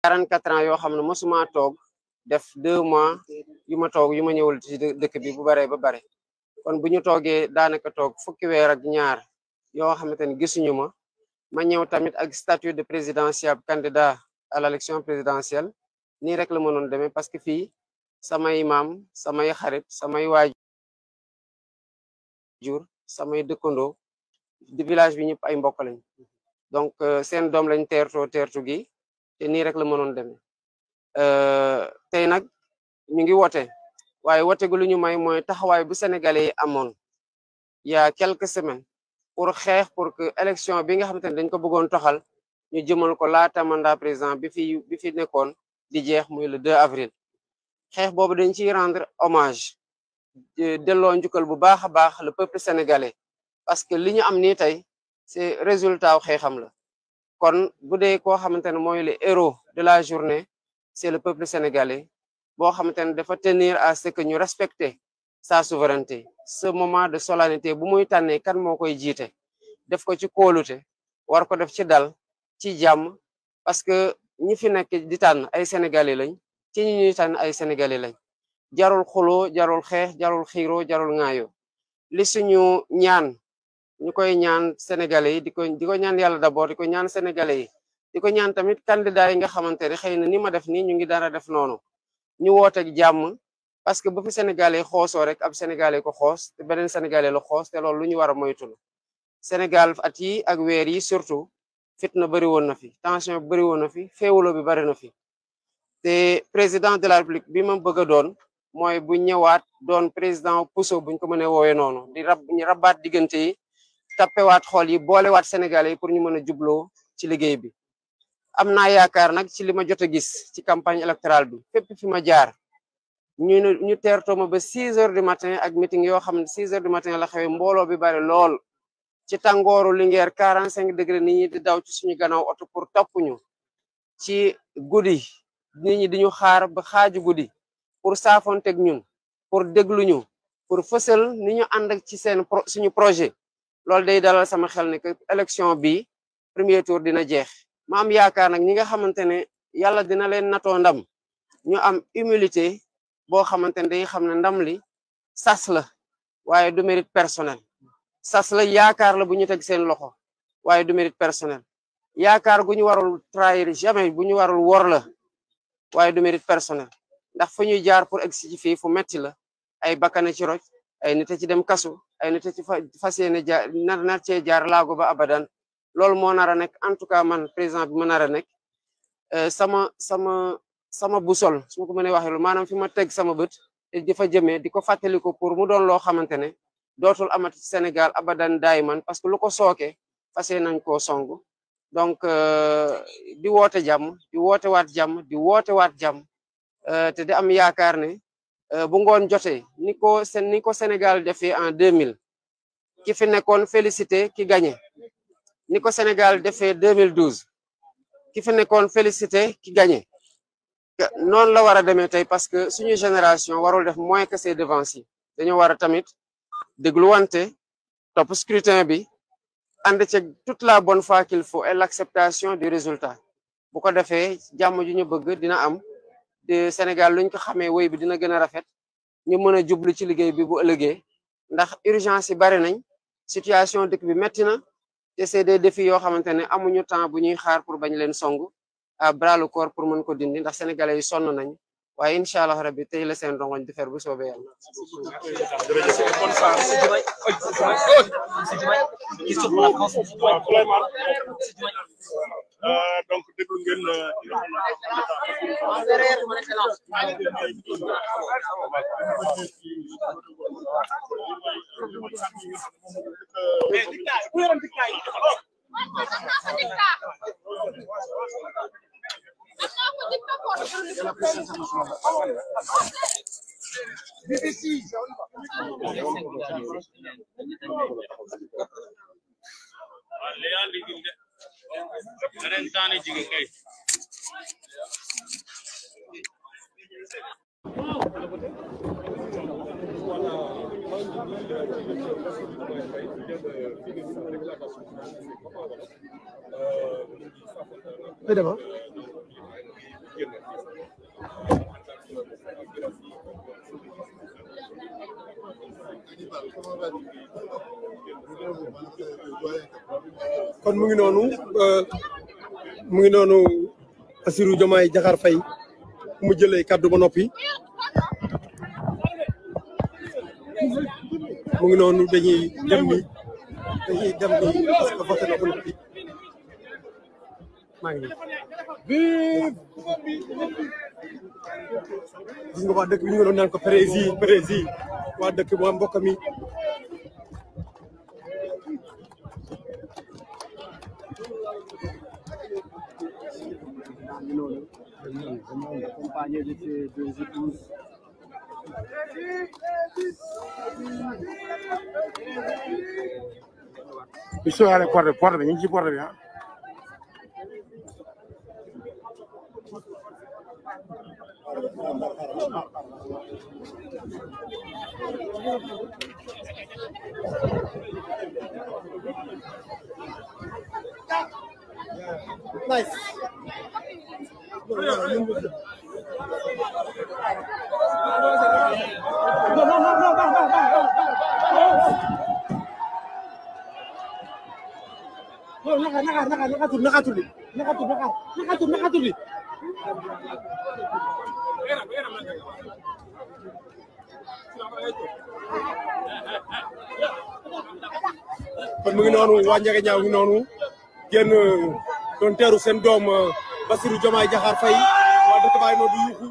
quarante quatre ans yoo xam ne mosuma toog def deux mois yu ma toog yu ma ñëwul dëkk bi bu baree ba bare kon bu ñu toogee daanaka toog fukki weer ak ñaar yoo xamante ne gisuñu ma ma ñëw tamit ak statut de présidentiable candidat à l' élection présidentielle nii rek la mënoon demee parce que fii samay maam samay xarit samay waajur samay dëkkandoo di village bi ñëpp ay mbokk lañ donc euh, seen doom lañ teertoo teertu gi te nii rek la mënoon demee tey nag ñu ngi woote waaye woote gu lu ñu may mooy taxawaay bu sénégalais yi amoon y a quelques pour xeex pour que élection bi nga xamante ne dañ ko bëggoon toxal ñu jëmal ko laata mandat président bi fi bi fi nekkoon di jeex muy le 2 avril xeex boobu dañ ci rendre hommage delloo njukkal bu baax a baax la peuple sénégalais parce que li ñu am nii tey c'est résultat wu xeexam la kon bu dee koo xamante ne mooy le héros de la journée c'est le peuple sénégalais boo xamante ne dafa tenir à ce que ñu respecter sa souveraineté ce moment de solennité bu muy tànnee kan moo koy jiite def ko ci kóolute war ko def ci dal ci jàmm parce que ñi fi nekk di tànn ay sénégalais lañ ci ñi ñuy ay sénégalais lañ jarul xuloo jarul xeex jarul xiiroo jarul ŋaayoo li suñu ñaan ñu koy ñaan sénégalais yi di ko di ko ñaan yàlla d'abord di ko ñaan sénégalais yi di ko ñaan tamit candidat yi nga xamante ne xëy na ni ma def nii ñu ngi dara def noonu ñu woote ak jàmm parce que bu fi sénégalais xoosoo rek ab sénégalais ko xoos te beneen sénégalais xoos te loolu lu ñu war a moytu sénégal at yi ak weer yi surtout fitna bëri woon na fi tension bëri woon na fi féewuloo bi bëri na fi te président de la république bi ma bëgg a doon mooy bu ñëwaat doon président puso buñ ko mënee woowee noonu di rab ñu tappewaat xool yi boolewaat Sénégalais yi pour ñu mën a jubloo ci liggéey bi am naa yaakaar nag ci li ma jot a gis ci campagne électorale bi fépp fi ma jaar ñu ñu teertoo ma ba 6 heures du matin ak meeting yoo xam ne 6 heures du matin la xewee mbooloo bi bari lool ci tàngooru Linguère 45 degré nit ñi daw ci suñu gannaaw oto pour topp ci guddi nit ñi diñu xaar ba xaaju guddi pour saafoonteeg ñun pour déglu ñu pour fësal ni ñu ànd ci seen suñu projet loolu day dalal sama xel ne que élection bi premier tour dina jeex mam am yaakaar nag ñi nga xamante ne yàlla dina leen natoo ndam ñu am humilité boo xamante ne day xam ne ndam li sas la waaye du mérite personnel sas la yaakaar la bu ñu teg seen loxo waaye du mérite personnel yaakaar gu ñu warul trahir jamais bu ñu warul wor la waaye du mérite personnel ndax fu ñuy jaar pour egg si fii fu metti la ay bakkana ci ay nit ci dem kasu ay nit ci fas yéene jaar nar nar cee jaar laago ba abadan loolu moo nar a nekk en tout cas man président bi ma nar a nekk euh, sama sama sama busol su ma ko mënee waxee maanaam fi ma teg sama bët di fa jëmee di ko fàttaliku pour mu doon loo xamante ne dootul amati ci Sénégal abadan daay man parce que lu ko sooke fas yéene nañ koo song donc euh, di woote jàmm di woote waat jàmm di woote waat jàmm euh, te di am yaakaar ne Euh, bu ngoon jotee ni ko ni ko Sénégal defee en 2000 ki fi nekkoon félicité ki gagné ni ko Sénégal defee 2012 ki fi nekkoon félicité ki gagné noonu la war a demee tey parce que suñu génération warul def moins que ses devanciers dañoo war a tamit dégluwante topp scrutin bi ànd ci toute la bonne foi qu'il faut et l'acceptation du résultat bu ko defee jàmm ju ñu bëgg dina am Sénégal luñ ko xamee woy bi dina gën a rafet ñu mën a jublu ci liggéey bi bu ëllëgee ndax urgence yi bari nañ situation dëkk bi métti na te c'est des défis yoo xamante ne amuñu temps bu ñuy xaar pour bañ leen song a bras le corps pour mën ko dindi ndax sénégalais yi sonn nañ waaye incha allah rabbi tey la rongoñ di fer bu soobee yàlla. de la presse internationale. BBC. Ne demek? kon mu ngi noonu euh, mu ngi noonu Bassirou Diomaye Diakhar Faye mu jëlee kaddu ba noppi mu ngi noonu dañuy dem ni dañuy dem ni parce que voté na ba noppi ngi waa dëkk bi waa mbokk mi accompagné de ses deux épouses. Ils sont à la porte, porte, ils sont porte bien. Ah. Nice. No, no, no, no, no, kon mu ngi noonu waa Ndiaga Niang mu ngi noonu génn doon teeru seen doom Bassirou Diomaye Diakhar Faye